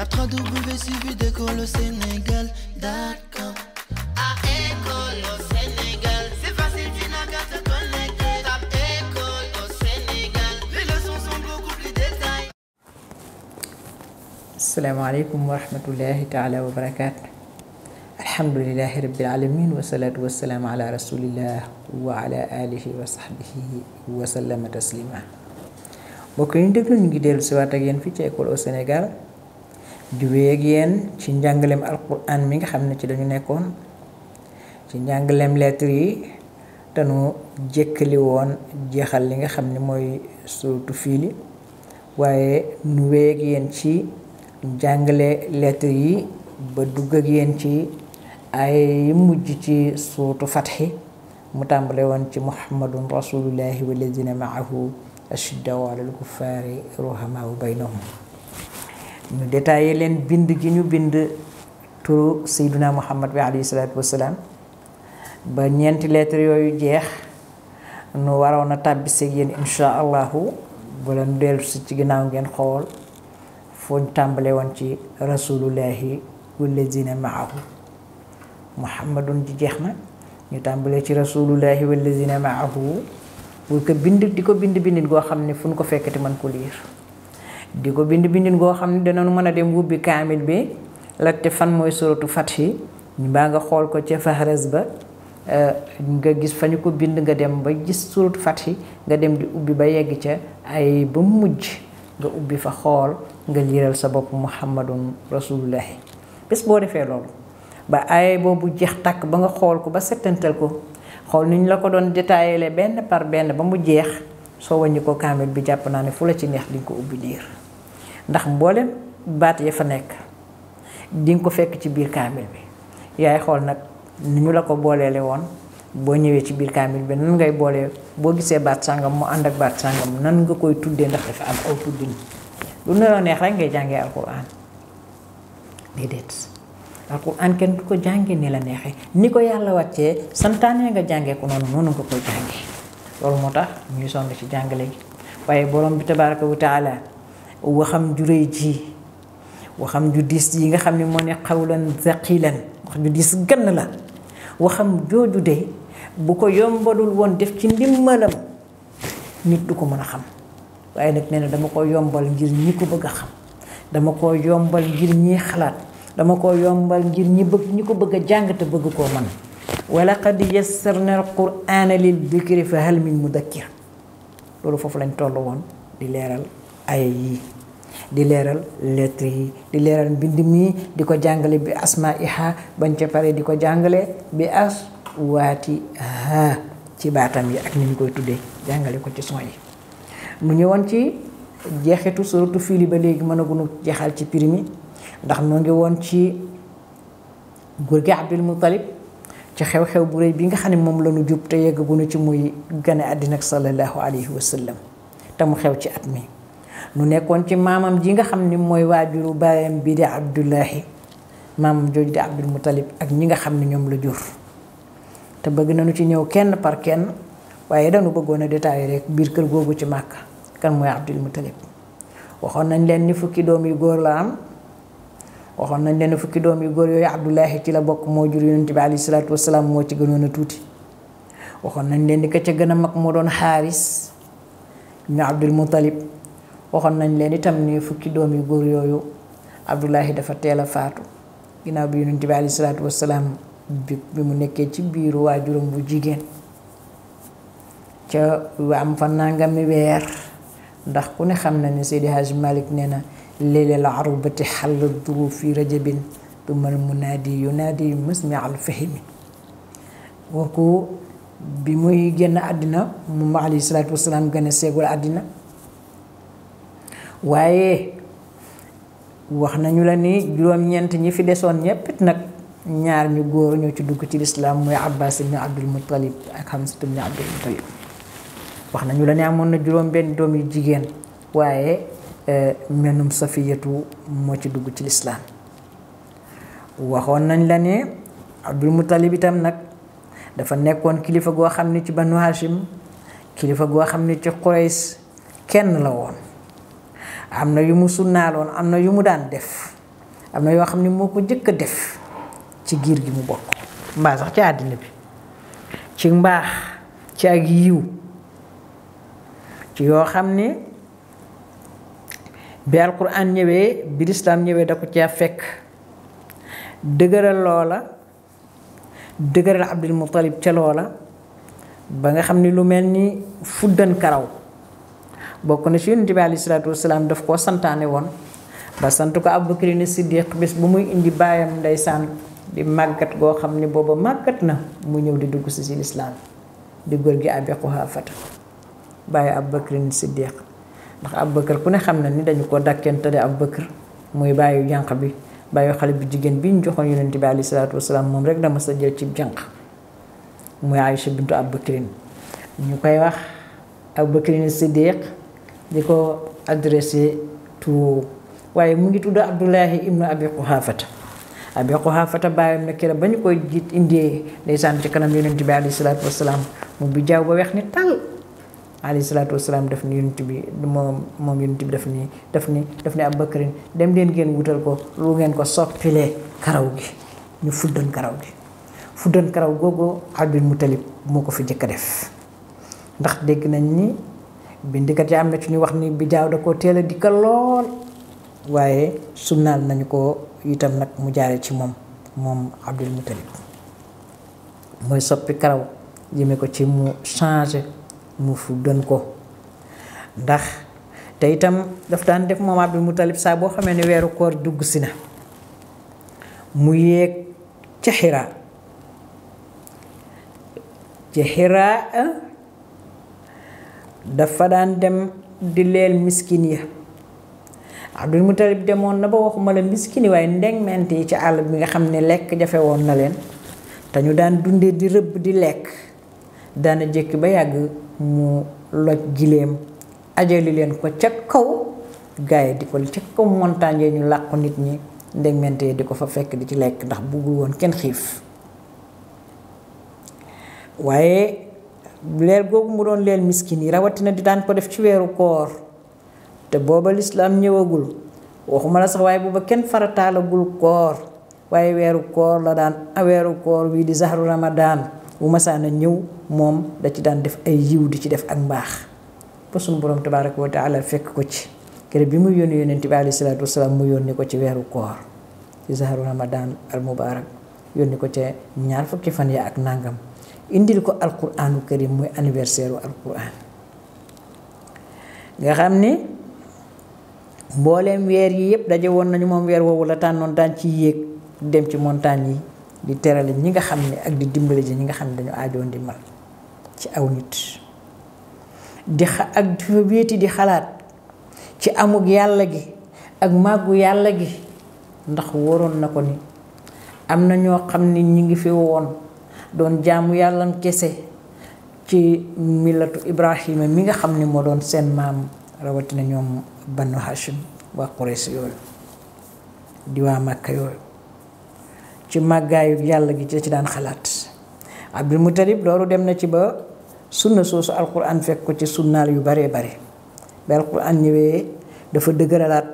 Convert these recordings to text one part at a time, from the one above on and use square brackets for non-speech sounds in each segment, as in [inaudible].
Tape www.suividécole au Sénégal.com À école au Sénégal, c'est facile, tu n'as qu'à te connecter. Tape école au Sénégal, les leçons sont beaucoup plus détaillées. Assalamu alaikum wa rahmatullahi ta'ala wa barakatuh. alhamdulilahi rabbil alamin wasalaatu wasalaamu ala rasulillah wa ala alihi wa sahbihi wasallama taslima mbokk yi ñu déglu ñu ngi dellu siwaat ak yéen fii ci école au Sénégal di wéeg yéen ci njàngaleem alquran mi nga xam ne ci dañu nekkoon ci njàngaleem lettre yi te nu jëkkali woon jeexal li nga xam ni mooy surtout fiili waaye nu wéeg yéen ci njàngale lettre yi ba dugg ak yéen ci ay mujj ci surtout fatxi mu tàmbale woon ci ma muhammadun rasulullahi walladina maahu ashiddaw alal kuffaari ruhamaau baynahum ñu détaillé leen bind gi ñu bind turu sayduna muhammad bi alayhi salaatu wasalaam ba ñeenti lettre yooyu jeex nu waroon a tàbbiseeg yéen insha allahu bu leen dellu si ci ginnaaw ngeen xool foo tàmbale woon ci rasulullahi wallazina maahu muhammadun ji jeex na ñu tàmbale ci rasulullahi wallazina maahu bu ko di ko bind bindit goo xam ne fu ñu ko fekkati mën ko liir di ko bind bindin goo xam ne danañu mën a dem wubbi kaamil bi laajte fan mooy suratu fathi ñu baa nga xool ko ca fahres ba eh, nga gis fa ñu ko bind nga dem ba gis suratu fathi nga dem di ubbi ba yegg ca ay ba mujj nga ubbi fa xool nga liiral sa bopp muhammadun rasulullahi bés boo defee loolu ba ay boobu jeex tàkk ba nga xool ko ba settantal ko xool ni ñu la ko doon détaillé benn par benn ba mu jeex soo wàññi ko kaamil bi jàpp naa ne fu la ci neex di ko ubbi liir ndax mbolem bat ya fa nek di nga ko fekk ci bir kamil bi yaay xol nak ni ñu la ko bolele won bo ñewé ci bir kamil bi nan ngay bolé bo gisé bat sangam mu ànd ak baat sàngam nan nga koy tuddé ndax dafa am aw tuddin lu nela neex rek ngay jangé alquran dedet alquran ken du ko jangé ni la neexee ni ko yàlla wàccee santaane nga jangé ko non non nga koy jangé lolou motax ñuy sonn ci jangalé gi borom bi taala waxam ju reey ji waxam ju dis ji nga xamni mo ne xawlan zaqilan wax ju dis gan la waxam joju de bu ko yombalul won def ci ndimmalam nit du ko meuna xam waye nak neena dama ko yombal ngir ñi ko bëgg xam dama ko yombal ngir ñi xalaat dama ko yombal ngir ñi bëgg ñi ko bëgg jang jàng te bëgg man wala qad yassarna alqur'ana lil dhikri fa hal min mudakkir lolu fofu lañ tollu won di leral ay di leral lettre yi di leral mbind mi di ko bi asma iha ca pare di ko jàngale bi as wati ha ci ya yi ak nim koy tuddé jangale ko ci son yi mu ñëwoon ci jeexetu suratu fili ba léegi mënagunu jeexal ci primi ndax mo ngi won ci gurgi abdul mutalib ci xew-xew bu reey bi nga xam mom lañu jup te yeggagunu ci muy gane adina sallallahu alayhi wa sallam xew ci atmi nu nekkoon ci maamam ji nga xam ni mooy waajuru baayam bi di Abdullahi maamam jooju di Abdul Muttalib ak ñi nga xam ne ñoom la jur te bëgg nañu ci ñëw kenn par kenn waaye danu bëggoon a détaillé rek biir kër googu ci Màkka kan mooy Abdul Muttalib waxoon nañ leen ni fukki doom yu góor la am waxoon nañ leen fukki doom yu góor yooyu Abdullahi ci la bokk moo jur yonent bi alayhi salaatu wasalaam moo ci gënoon a tuuti waxoon nañ leen di ka ca gën a mag moo doon xaaris ñu Abdul Muttalib waxoon nañ leen itam ni fukki doom yu góor yooyu Abdullahi dafa teel a faatu ginnaaw bi yonent bi alayhi salaatu wasalaam bi bi mu nekkee ci biiru waa waajuram bu jigéen ca am fa mi weer ndax ku ne xam na ne Seydi Hajj Malick nee na léeg-léeg la arubati xàll duru fi rajabin du mal munaadi yunaadi masmi al fahimi kooku bi muy génn àddina mu alayhi salaatu wasalaam gën a seegul àddina waaye wax nañu la ni juróom-ñeent ñi fi desoon ñéppit nag ñaar ñu góor ñoo ci dugg ci lislaam mooy abbas ibni abdul muttalib ak xamsat ibni abdul muttalib wax nañu la ni amoon na juróom doom yu jigéen waaye eh, menum safiyatu moo ci dugg ci lislaam waxoon nañ la ni abdul muttalib itam nag dafa nekkoon kilifa goo xam ni ci banu hashim kilifa goo xam ni ci qurays kenn la woon am na yu mu sunnaaloon am na yu mu daan def am na yoo xam ne moo ko jëkk def ci giir gi mu bokk mbaa sax ci àddina bi ci mbaax ci ak yiw ci yoo xam ne bi alquran ñëwee bi lislaam ñëwee da ko caa fekk dëgëral loola dëgëral abdul muttalib ca loola ba nga xam ne lu mel ni fuddan karaw bokku na ci yonente bi alayhi salatu wassalam daf ko santane won ba santu ko ni siddiq bis bu muy indi bayam ndaysan di market go xamni ne magat na mu ñew di dugg ci si di gor gi abi baye abubakar ni siddiq ndax abubakar ku ne xamna ni dañ ko tade abubakar muy baye jànq bi baye xale bi jigen bi ñu joxon yonente bi alayhi salatu wassalam mom rek dama sa jël ci jank muy aisha bintu abubakar ñukay wax abubakar ni siddiq di ko adressé tout waaye mu ngi tudd Abdullahi ibnu Abi Quhaafata Abi Quhaafata bàyyam na kera ba ñu koy jiit indee ndeysaan ci kanam yonent bi alayhi salaatu wasalaam mu ba weex ni tàll alayhi salaatu wasalaam daf ni yonent bi moom moom yonent bi daf ni daf ni daf ni dem leen ngeen wutal ko lu ngeen ko soppilee karaw gi ñu fuddan karaw gi fuddan karaw googu mu Mutalib moo ko fi jëkk a def ndax dégg nañ ni bindikat yi am na ci ñu wax ni bijaaw da koo teel a dikkal lool waaye sunnaal nañu ko itam nag mu jaare ci moom moom Abdul Mutalib mooy soppi karaw jëme ko ci mu changé mu fu gën ko ndax te itam daf daan def moom Abdul Mutalib saa boo xamee ne weeru koor dugg si na mu yéeg ca xiraa ca dafa daan dem di leel miskin ya Abdul Mutalib demoon na ba waxuma la miskin yi waaye ndegmente yi ci àll bi nga xam ne lekk jafe woon na leen te ñu daan dundee di rëbb di lekk daana jekki ba yàgg mu loj gileem ajalileen ko ca kaw gaay di ko ca kaw montagne ñu làqu nit ñi ndegmente yi di ko fa fekk di ci lekk ndax buggul woon kenn xiif waaye leel googu mu doon leel miskin yi rawatina di daan ko def ci weeru koor te booba lislaam ñëwagul waxuma la sax waaye booba kenn farataalagul koor waaye weeru koor la daan ah, weeru koor wii di zahru ramadaan bu masaana ñëw moom da ci daan def ay yiw di ci def ak mbaax ba sunu borom tabaaraka wa taala fekk ko ci kër bi muy yónni yónent bi alayhi salaatu mu yónni ko ci weeru koor ci zahru ramadaan al mubaarak yónni ko ca ñaar fukki fan ya ak nàngam indil ko alquranu karim muy anniversaire u alquran nga xam ni mboolem weer yi yëpp daje woon nañu moom weer woowu la tànnoon daan ci yéeg dem ci montagne yi di terale ñi nga xam ni ak di dimbali ji ñi nga xam ne dañu aajoon di mal ci aw nit di xa ak di fa wéeti di xalaat ci amug yàlla gi ak màggu yàlla gi ndax waroon na ko ni am na ñoo xam ni ñu ngi fi woon jamu jaamu yàllam kese ci milatu ibrahim mi nga xamni mo don sen mam rawati na ñom banu hashim wa quraysh yooyu di waa màkka yooyu ci magay yalla gi ci daan xalat abdul mutalib loolu dem na ci ba sunna soso alquran fek ko ci sunnaal yu bare bare ba alquran ñewé dafa deugëralat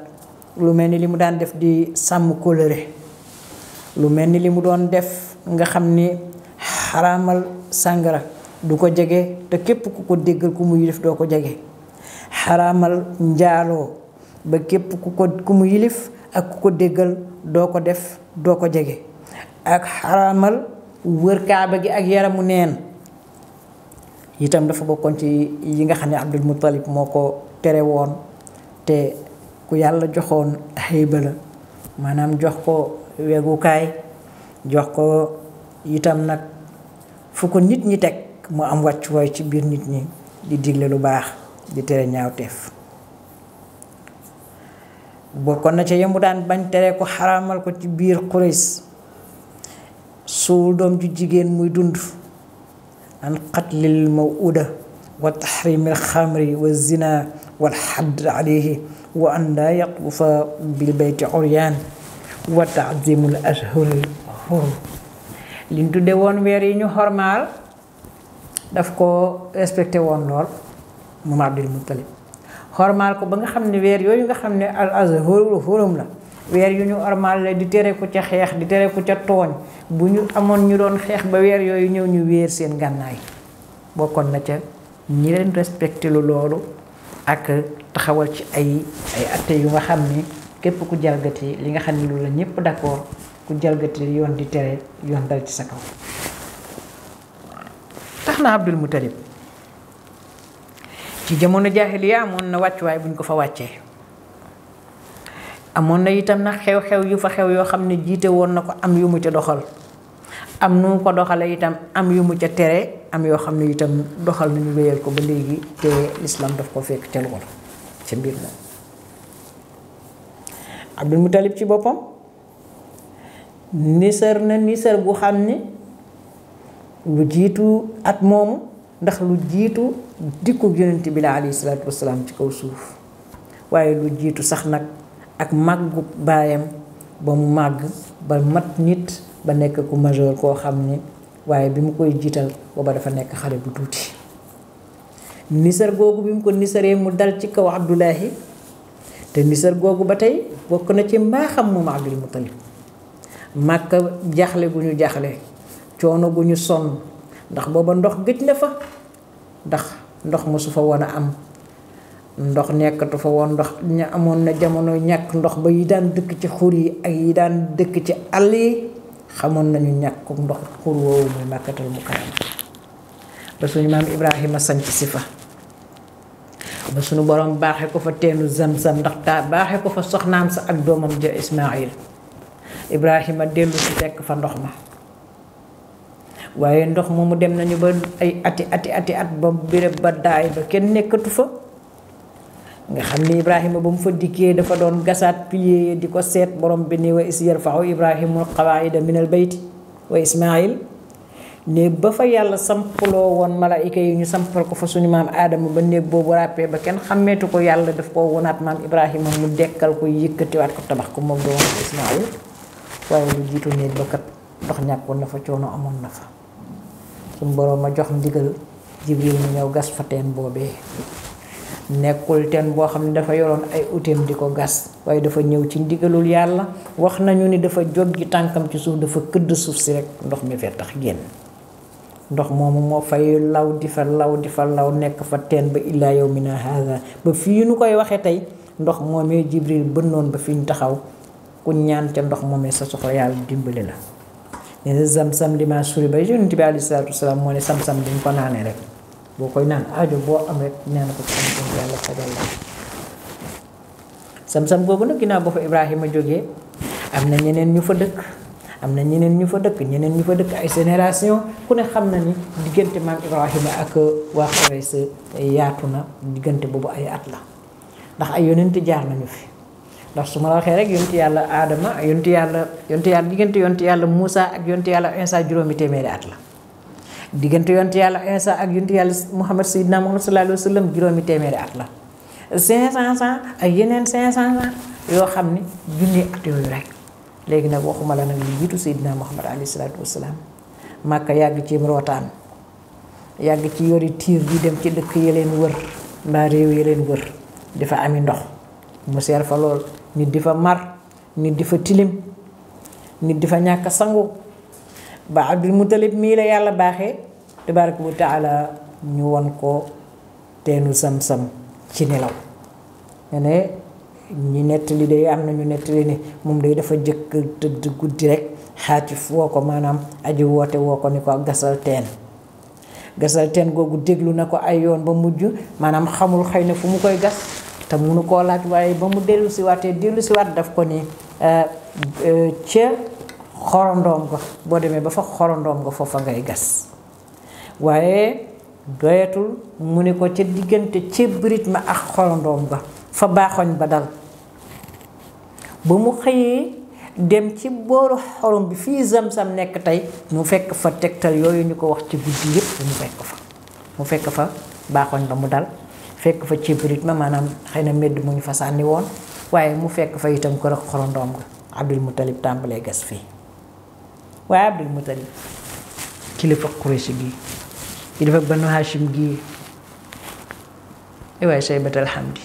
lu melni limu daan def di sàmm kóllëre lu melni limu doon def nga xamni xaraamal sàngara du ko jege te képp ku ko déggal ku mu yilif doo ko jege xaraamal njaaloo ba képp ku ko ku mu yilif ak ku ko déggal doo ko def doo ko jege ak xaraamal wër kaaba gi ak yaramu neen itam dafa bokkoon ci yi nga xam ne Abdul Muttalib moo ko tere woon te ku yàlla joxoon xëyba maanaam jox ko wegukaay jox ko itam nag fuko nit ñi tek mu am waccu way ci bir nit ñi di digle lu baax di tere ñaawteef bokkoon na ci yemu daan bañ tere ko haramal ko ci bir xurees sul dom ju jigen muy dund an qatlil mawuda wa taxrimil xamri wa zina wal hadd alayhi wa an la yatufa bil bayti uryan wa taazimul ashhuril xurum li tudde woon weer yi ñu xormaal daf ko respecté woon lool moom Abdul Muttalib xormaal ko ba nga xam ne weer yooyu nga xam ne al azhar hurum la weer yu ñu ormaal la di tere ko ca xeex di tere ko ca tooñ bu ñu amoon ñu doon xeex ba weer yooyu ñëw ñu weer seen gànnaay bokkoon na ca ñi leen respecté lu loolu ak taxawal ci ay ay atte yu nga xam ni képp ku jalgati li nga xam ne loolu la ñëpp d'accord ku jalgati yoon di tere yoon dal ci sa kaw tax na Abdul Mutalib ci jamono jaahiliya amoon na wàccuwaay buñ ko fa wàccee amoon na itam na xew-xew yu fa xew yoo xam ne jiite woon na ko am yu mu ca doxal am nu ko doxale itam am yu mu ca tere am yoo xam ne itam doxal ñu wéyal ko ba léegi te lislaam daf ko fekk ca lool ca mbir moom Abdul Mutalib ci boppam nisar na nisar bu xam ne lu jiitu ak moomu ndax lu jiitu dikku yonent bi la alayhi salaatu wasalaam ci kaw suuf waaye lu jiitu sax nag ak màggu baayam ba mu màgg ba mat nit ba nekk ku majeur koo xam ne waaye bi mu koy jiital ba dafa nekk xale bu tuuti nisar googu bi mu ko nisaree mu dal ci kaw Abdullahi te nisar googu ba tey bokk na ci mbaaxam moom Abdul Muttalib màkka jahle gu ñu choono coono son ndax booba ndox gëj na fa ndax ndox fa wona am ndox nekkatu fa won ndox ña amon na jamono ñak ndox ba yi daan dëkk ci xur yi ak yi daan dëkk ci àll xamoon nañu ko ndox xur mu makatal mu ba suñu maam Ibrahima sanc si ba suñu borom baaxee ko fa teenu zamzam ndax ta ko fa soxnaam sa ak domam je Ismaayil Ibrahim delu ci tek fa ndox ma waye ndox moomu dem nañu ba ay ati ati ati at ba bire ba day ba ken nekatu fa nga xamni ni ibrahima ba mu fa dikke dafa don gasaat pilier diko set borom bi ni wa Ibrahim yarfaxu qawaid min al bait, wa ismail ne ba fa yalla samplo won malaika yi ñu sampal ko fa suñu maam adam ba ne bo ràppee ba ken xàmmeetu ko yalla daf ko wonat maam ibrahim mu dekkal ko wat ko tabax ko mom do ismail waaye lu jiitu néeg ba kat ndox ñàkkoon na fa coono amoon na fa suñ boroom a jox ndigal Jibril mu ñëw gas fa teen boobee nekkul teen boo xam ne dafa yoroon ay uteem di ko gas waaye dafa ñëw ci ndigalul yàlla wax nañu ni dafa jog gi tànkam ci suuf dafa këdd suuf si rek ndox mi fee tax génn ndox moomu moo fay law di fa law di fa law nekk fa teen ba illaa yow mi na haga ba fii nu koy waxee tey ndox moomee Jibril noon ba fii ñu taxaw ku ñaan ca ndox moomee sa soxla yàlla dimbali la nee na sam-sam li ma suri ba yonent bi aleyhi salaatu wasalaam moo ne sam-sam di ko naanee rek boo koy naan aajo boo am rek naan ko sam-sam yàlla fajal la sam-sam googu nag ginnaaw ba fa Ibrahima jógee am na ñeneen ñu fa dëkk am na ñeneen ñu fa dëkk ñeneen ñu fa dëkk ay génération ku ne xam na ni diggante maam Ibrahima ak waa Xurays yaatu na diggante boobu ay at la ndax ay yonent jaar nañu fi ndax su ma la waxee rek yonti yàlla aadama yonti yàlla yonti yàlla diggante yonti yàlla Moussa ak yonti yàlla Insa juróomi téeméeri at la diggante yonti yàlla Insa ak yonti yàlla Muhammad Sayyidina Muhammad sallallahu alayhi wa sallam juróomi téeméeri at la 500 ans ak yeneen 500 ans yoo xam ni junni at yooyu rek léegi nag waxuma la nag lu jiitu Sayyidina Muhammad alayhi salaatu wa salaam Màkka yàgg ci rootaan yàgg ci yori tiir bi dem ci dëkk yi leen wër mbaa réew yi leen wër dafa ami ndox mu seer fa lool. nit difa mar nit difa tilim nit di fa sangu ba abdul mutalib mii la yalla baxé tabarak wa taala ñu won ko tenu sam-sam ci nelaw ne ne ñi nettali day am nañu nettali ne mum day dafa jëk teud guddi rek xaatif woo manam aji wote woko ni ko gasal ten. gasal ten gogu deglu nako ko ay yoon ba mujju manam xamul xeyna fu mu koy gas te munu koo laaj waaye ba mu dellu waatee dellu si waat daf ko ni euh, euh, ca xorondoom nga boo demee ba fa xorondoom ga foofa ngay gas waaye doyatul mu ni ko ca diggante ca birit ma ak xorondoom ba fa baaxoñ ba dal ba mu xëyee dem ci booru xorom bi fii zam-zam nekk tey mu fekk fa tegtal yooyu ñu ko wax ci guddi yépp mu fekk fa mu fekk fa baaxoñ ba mu dal fekk fa ceeb rythme maanaam xëy na medd mu ñu fa sànni woon waaye mu fekk fa itam ko rek xorondoom ga Abdul Muttalib tàmbalee gas fii waaye Abdul Muttalib kilifa Quraysh gi kilifa Banu Hashim gi waaye Shaybat al-Hamdi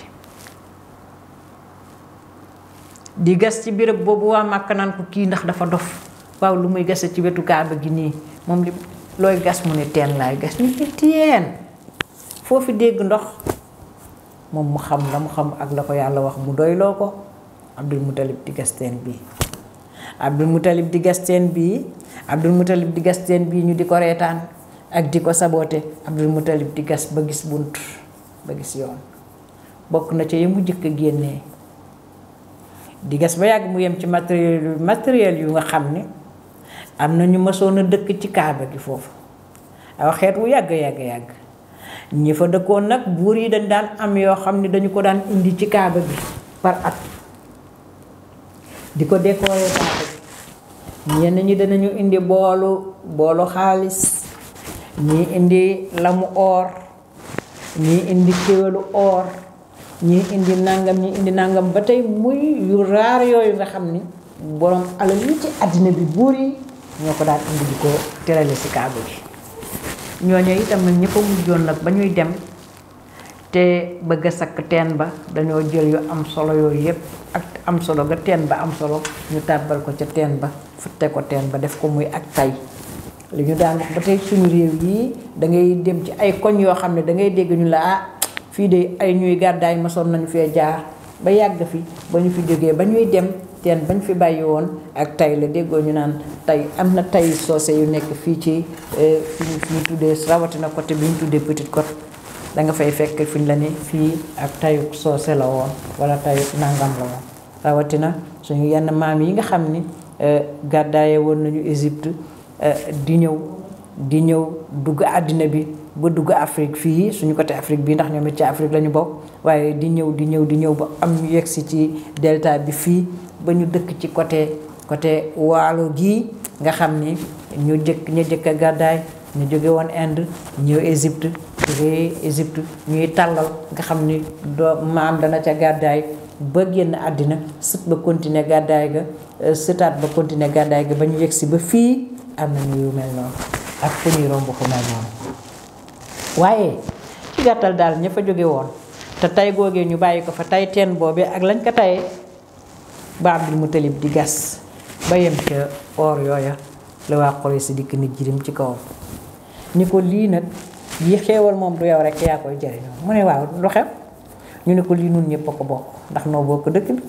di gas ci béréb boobu waa Màkka ko kii ndax dafa dof waaw lu muy gase ci wetu Kaaba gi nii moom li looy gas mu ne teen laay gas ñu ci teen foo dégg ndox mom mu xam lam xam ak la ko yalla wax mu doylo ko abdul mutalib di gasteen bi abdul mutalib di bi abdul mutalib di gasteen bi ñu di ko reetaan ak di ko abdul mutalib di gas ba gis bunt ba gis yoon bok na ci yi mu genné ba yag mu yem ci matériel matériel yu nga xam ne ñu mësoon a dëkk ci kaaba gi fofu wu yag yag yag ñi fa dëkkoon nag buur yi dañ daan am yoo xam ne dañu ko daan indi ci kaaba bi par at di ko décorer kaaba bi ñenn ñi danañu indi boolu boolu xaalis ñii indi lamu or ñii indi kéwélu or ñii indi nangam ñii indi nangam ba tey muy yu raar yooyu nga xam ni borom alal yi ci àddina bi buur yi ñoo ko daan indi di ko terale ci kaaba bi ñooñu itam nag ña mujjoon nag ba ñuy dem te bëgg a sakk teen ba dañoo jël yu am solo yooyu yëpp ak am solo nga teen ba am solo ñu tàbbal ko ca teen ba futte ko teen ba def ko muy ak tay li ñu daan ba tey suñu réew yii da ngay dem ci ay koñ yoo xam ne da ngay dégg ñu la ah fii de ay ñuy gàddaay masoon nañu fee jaar ba yàgg fi ba ñu fi jógee ba ñuy dem teen bañ fi bàyyi woon ak tay la déggoo ñu naan tay am na tay soose yu nekk fii ci eh, fi ñu tuddee rawatina côté bi ñu tuddee Petite Côte da nga fay fekk fi ñu la ne fii ak tayuk soose la woon wala tayuk nangam la woon rawatina suñu yenn maam yi nga xam ni eh, gàddaaye woon nañu Égypte eh, di ñëw di ñëw dugg àddina bi ba dugg Afrique fii suñu côté Afrique bii ndax ñoom ci Afrique la ñu bokk waaye di ñëw di ñëw di ñëw ba am ñu yegsi ci delta bi fii ba ñu dëkk ci côté côté waalo gii nga xam ni ñu jëkk ñu jëkk a gàddaay ñu jóge woon Inde ñëw Égypte jóge Égypte ñuy tàllal nga xam ni doo maam dana ca gàddaay ba génn àddina sët ba continuer gàddaay ga euh, sëtaat ba continé gàddaay ga ba ñu yegsi ba fii am na ñu mel noonu ak fu ñuy romb fu mel noonu waaye ci gàttal daal ñëpp fa jóge woon te tay googee ñu bàyyi ko fa tay teen boobee ak lañ ko tayee ba abdul mutalib di gas bayam ke ca or yooya la wa Quraysh dikk ni jirim ci kaw ni ko li nak yi xewal mom du yow rek ya koy jere mu ne waaw lu xew ñu ne ko li nun ñepp ko bok ndax no bok dekk bi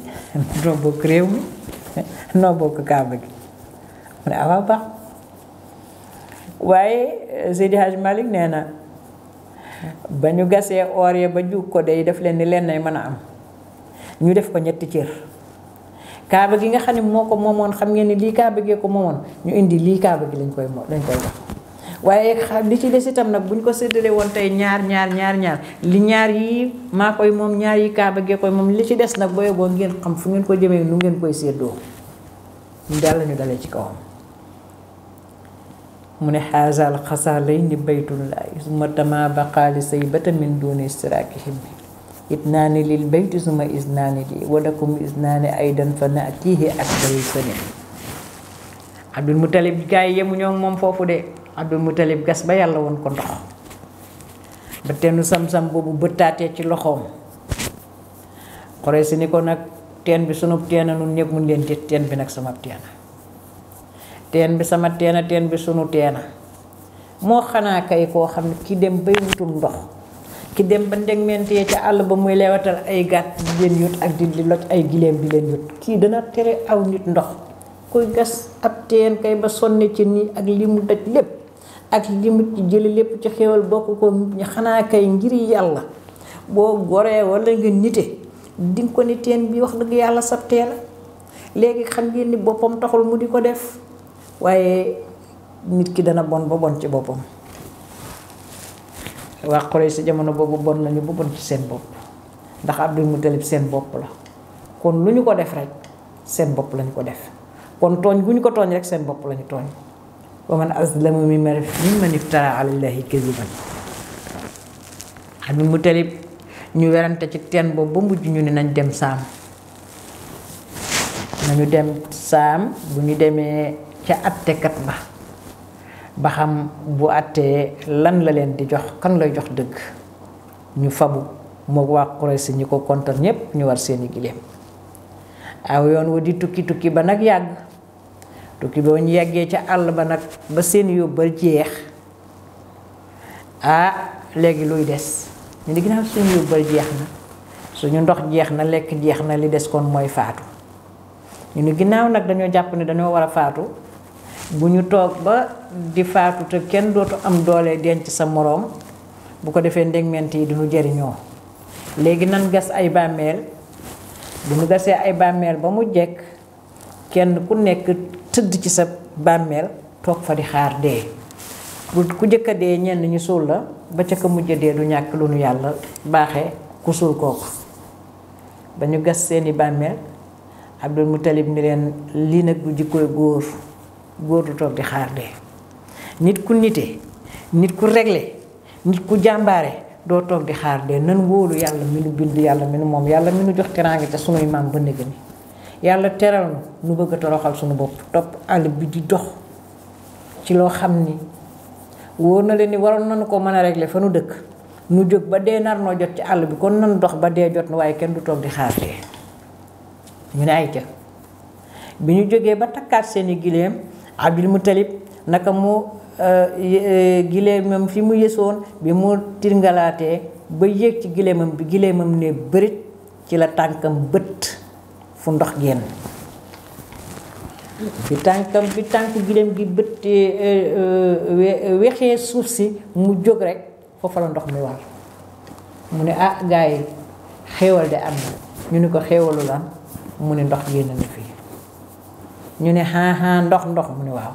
do [laughs] bok rew mi [laughs] no bok kaaba gi mu ne awaa ah, eh, ba waye zedi haj malik neena bañu ba or ya ba juk ko day def len ni leen nay am ñu def ko ñetti cër kaaba gi nga xam ne moo ko moomoon xam ngeen ni lii kaaba gee ko moomoon ñu indi lii kaaba gi lañ koy moo lañ koy wax waaye li ci des itam nag bu ñu ko séddale woon tey ñaar ñaar ñaar ñaar li ñaar yi maa koy moom ñaar yi kaaba gee koy moom li ci des nag booy boo ngeen xam fu ngeen ko jëmee nu ngeen koy séddoo ñu daal lañu dalee ci kawam mu ne xaasaal xasaa lay ni baytullahi suma tama baqaali say bata min duni siraakihim bi اثنان للبيت ثم اثنان iznani aidan fa natihi فناتيه sunan Abdul Muttalib gay yemu ñoo mom fofu de Abdul Muttalib gas ba yalla won ko ndox ba tenu sam sam bobu beutate ci loxom Quraysh ni ko nak ten bi sunu tena nun ñepp mun len jet teen bi nak sama tena ten bi sama tena ten bi sunu tena mo xana kay ko xamni ki dem bay wutum ndox ki dem ba ndeg mentee ca àll ba muy lewatal ay gàtt di leen yót ak di di loj ay gileem di leen yót kii dana tere aw nit ndox kuy gas ab teen kay ba sonne ci nii ak li mu lépp ak li mu ci jëli lépp ci xewal bokk ko ñu xanaa kay ngir yàlla boo goree wala nga nite di ko ne teen bi wax dëgg yàlla sab teen léegi xam ngeen ni boppam taxul mu di ko def waaye nit ki dana bon ba bon ci boppam wa Quraysh jamono bobu bon nañu bu bon ci sen bop ndax Abdul Mutalib sen bop la kon luñu ko def rek sen bop lañ ko def kon togn bu ko togn rek sen bop lañu togn wa man azlamu mimman iftara ala allahi kadhiban Abdul Mutalib ñu wérante ci ten bop bu mujj ñu ne nañ dem sam nañu dem sam bu ñu ci atté kat ba ba xam bu àttee lan la len di jox kan lay jox deug ñu fabu mo wa Quraysh ñi ko kontar ñépp ñu war seeni gileem aw yoon wo di tukki tukki ba nak yag tukki bo ñu yagge ci all ba nak ba seen yóbbal jeex ah legi luy dess ñu ni seen yu yóbbal jeex na suñu ndox jeex na lek jeex na li dess kon moy faatu ñu ginaaw nak dañu japp ne dañu wara faatu bu ñu toog ba di faatu te kenn dootu am doole denc sa moroom bu ko defee ndegment yi duñu jariñoo léegi nan gas ay bàmmeel bu ñu gasee ay bàmmeel ba mu jekk kenn ku nekk tëdd ci sa bàmmeel toog fa di xaar dee bu ku jëkk a dee ñenn ñu suul la ba ca ka mujj dee du ñàkk lu nu yàlla baaxe ku suul kooku ba ñu gas seeni bàmmeel Abdul Mutalib ni leen lii nag du jikkooy góor góor du toog di xaar dee nit ku nite nit ku réglé nit ku jàmbaare doo toog di xaar dee nan wóolu yàlla mi nu bind yàlla mi nu moom yàlla mi nu jox teraange te sunuy maam ba néega ni yàlla teral nu nu bëgg a toroxal sunu bopp topp àll bi di dox ci loo xam ni wóor na leen ni waroon nañu ko mën a régler fa nu dëkk nu jóg ba dee nar noo jot ci àll bi kon nan dox ba dee jot na waaye kenn du toog di xaar dee ñu ne ay ca bi ñu jógee ba takkaat seeni gileem abdul muttalib naka mu eh, eh, gileemam fi mu yësoon bi mu tirngalaatee ba yéeg ci gileemam bi gileemam ne bërit ci la tànkam bët fu ndox génn bi tànkam bi tànk gileem gi bët eh, wexee suuf si mu jóg rekk foofa la ndox mi war mu ne ah gars yi xéewal de am na ñu ni ko xewalu lan mu ne ndox génn na fii ñu ne ha ndox ndox mu ne waaw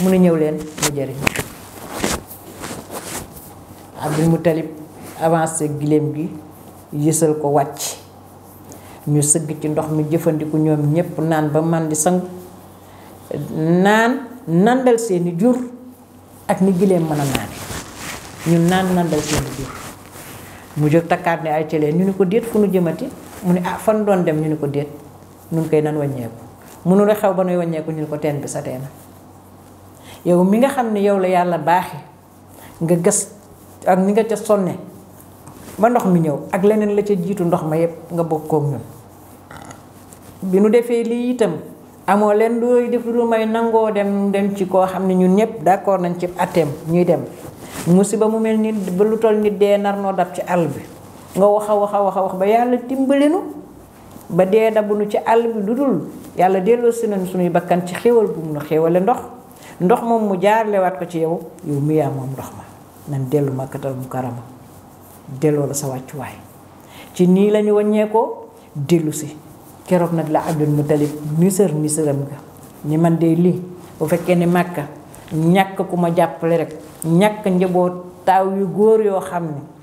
mu ne ñew leen mu jëri abdul mutalib avancé gilem gi yeesal ko wacc ñu sëgg ci ndox mi jëfëndiku ñoom ñépp naan ba man di sang naan nandal seeni jur ak ni gilem mëna naan nan ñu naan nandal seeni jur mu jóg takkaat ne ay leen ñu ne ko déet fu nu jëmati mu ne ah fan doon dem ñu ne ko déet nun koy nan wàññeeku munu la xew ba wagne ko ñu ko teen bi sa teen yow mi nga xam yow la yalla baaxe nga gess ak ni nga ca sonne ba ndox mi ñew ak leneen la ca jitu ndox ma yeb nga bokkoog ñun bi nu defee li itam amo len doy def lu may nango dem dem ci ko xam ñun ñep d'accord nañ ci atem ñuy dem musiba mu mel ni ba lu toll ni dee nar no dab ci albi nga waxa waxa waxa wax ba yalla timbalenu ba dee dabuñu ci àll bi lu dul yàlla delloo si nañ suñuy bakkan ci xéwal bu mun a xéwale ndox ndox moom mu jaarlewaat ko ci yow yow mi yaa moom ndox ma nan dellu makkatal mu karama delloo la sa wàccuwaay ci nii lañu wàññeekoo dellu si keroog nag la Abdul Mutalib misër misëram ga ni man de lii bu fekkee ni màkka ñàkk ku ma jàppale rek ñàkk njaboot taaw yu góor yoo xam ne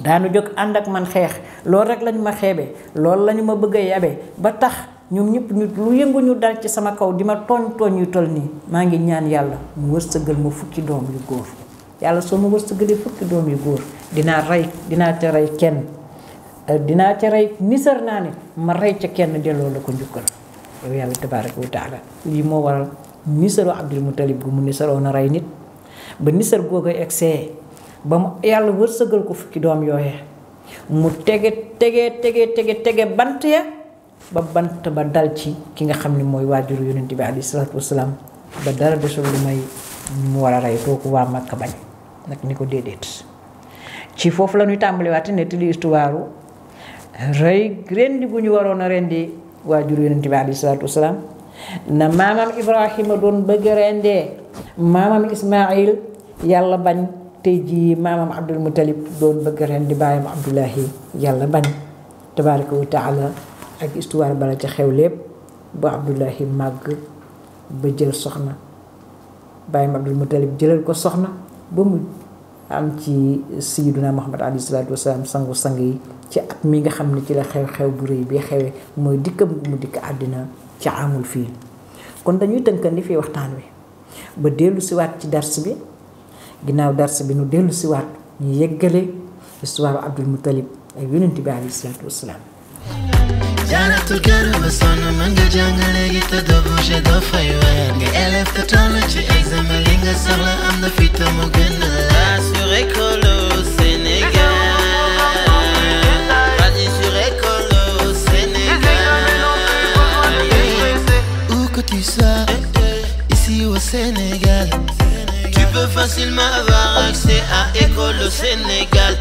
daanu jog andak man xex loolu rek lañu ma xébé loolu lañu ma bëgg yabé yabe ba tax ñoom ñëpp ñu lu yëngu ñu dal ci sama kaw di togn togn yu tol ni maa ngi ñaan yalla mu wërsegal ma fukki doom yu góor yàlla soo ma wërsëgalee fukki doom yu goor dina ray dina ca ray kenn euh, dina ca ray nisar nane ma ray ca kenn de la ko ñukkal yow yalla tabaaraku taala li mo waral misaru abdul mutalib gu mu nisaroon na ray nit ba nisar ba mu ya yàlla wërsëgal ko fukki dom yoyé mu tege tege tege tege tege bant ya ba bant ba dal ci ki nga xamni moy wajur waajur yonent bi alayhi salaatu wasalaam ba dara de lu may mu wara ray rey ko wa Makka bañ nak niko ko ci fofu lañuy tambali wat ne tuli istuwaru ray grendi buñu warona rendi wajur yonent bi alayhi salaatu wasalaam na mamam ibrahim don beug rendé mamam Ismail yalla bañ tey jii maamam Abdul Mutalib doon bëgg ren di bàyyam Abdullahi yàlla bañ tabaaraka wa taala ak histoire bala ca xew lépp ba Abdullahi màgg ba jël soxna bàyyam Abdul Mutalib jëlal ko soxna ba mu am ci sayyiduna Muhammad alayhi salaatu wasalaam sangu sang yi ci at mi nga xam ne ci la xew-xew bu rëy bi xewee mooy dikkam gu mu dikk àddina ca amul fii kon dañuy tënkandi fii waxtaan wi ba dellu siwaat ci dars bi ginnaaw dars bi nu dellu si waat ñu Abdul Muttalib ak bi wasalaam la sur que tu ici au peux facilement avoir accès à école au Sénégal